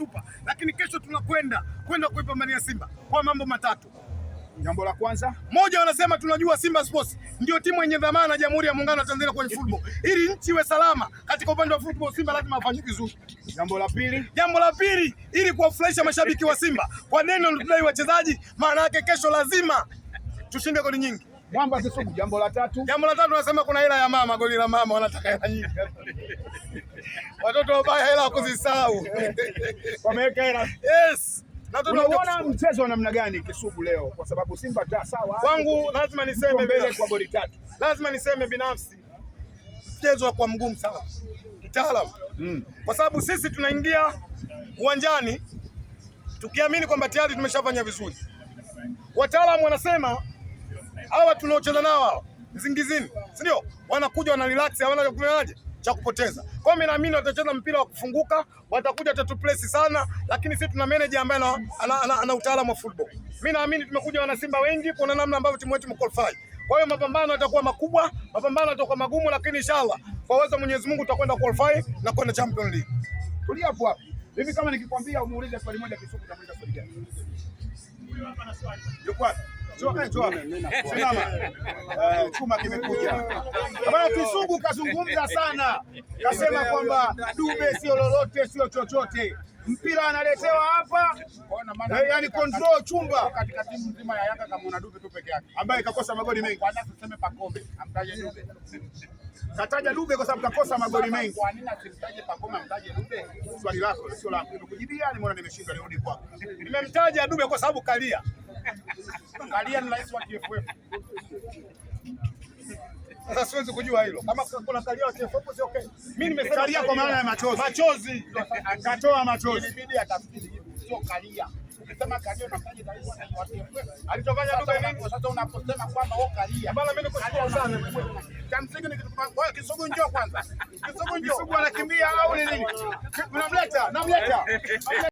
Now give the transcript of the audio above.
tunatupa, lakini kesho tunakwenda kwenda kuipambania Simba kwa mambo matatu. Jambo la kwanza, moja, wanasema tunajua Simba Sports ndio timu yenye dhamana Jamhuri ya Muungano wa Tanzania kwenye football. Ili nchi iwe salama katika upande wa football, Simba lazima afanye vizuri. Jambo la pili, jambo la pili, ili kuwafurahisha mashabiki wa Simba kwa neno tunadai wachezaji, maana yake kesho lazima tushinde goli nyingi. Mwamba si sugu. Jambo la tatu, jambo la tatu nasema kuna hela ya mama, goli la mama, wanataka hela nyingi watoto wabaya, hela wakuzisahau wameweka hela yes. Unaona mchezo wa namna gani Kisugu leo, kwa sababu Simba ta sawa kwangu, lazima niseme mbele kwa goli tatu, lazima niseme binafsi mchezo wa kwa mgumu sana kitaalam mm. kwa sababu sisi tunaingia uwanjani tukiamini kwamba tayari tumeshafanya vizuri. Wataalamu wanasema hawa tunaocheza nao hawa zingizini, si ndio? Wanakuja wana relax, hawana kufanyaje cha kupoteza. Kwa mimi naamini watacheza mpira wa kufunguka, watakuja tatu place sana, lakini sisi tuna manager ambaye ana, ana, ana, ana utaalamu wa football. Mimi naamini tumekuja wana Simba wengi, kuna namna ambavyo timu yetu imequalify. Kwa hiyo mapambano yatakuwa makubwa, mapambano yatakuwa magumu, lakini inshallah kwa uwezo wa Mwenyezi Mungu tutakwenda qualify na kwenda Champions League. Tulia hapo hapo. Mimi kama nikikwambia umuulize swali moja kifupi utamaliza swali gani? Yuko wapi? Eh, chuma kimekuja. Bwana Kisugu kazungumza sana, kasema kwamba Dube sio lolote, sio chochote mpira analetewa hapa, yani control chumba katika timu nzima ya Yanga kama una Dube tu peke yake, ambaye kakosa magoli mengi. Kwanza tuseme Pacome, amtaje Dube? Kataja Dube kwa sababu kakosa magoli mengi. Kwa nini asimtaje Pacome, amtaje Dube? Swali lako sio langu kujibia, nimeona nimeshinda, nirudi kwako. Nimemtaja Dube kwa sababu kalia Alia ni rais wa TFF. Sasa siwezi kujua hilo. Kama kuna kalia wa TFF sio okay. Mimi nimesema kalia kwa maana ya machozi. Machozi. Akatoa machozi. Ilibidi atafikiri hivyo. Sio kalia. Umesema kalia na rais wa TFF. Alichofanya Dube nini? Sasa unaposema kwamba wao kalia. Bana mimi niko sawa sana. Cha ni kitu kwa Kisugu njoo kwanza. Kisugu njoo. Kisugu anakimbia au nini? Namleta, namleta.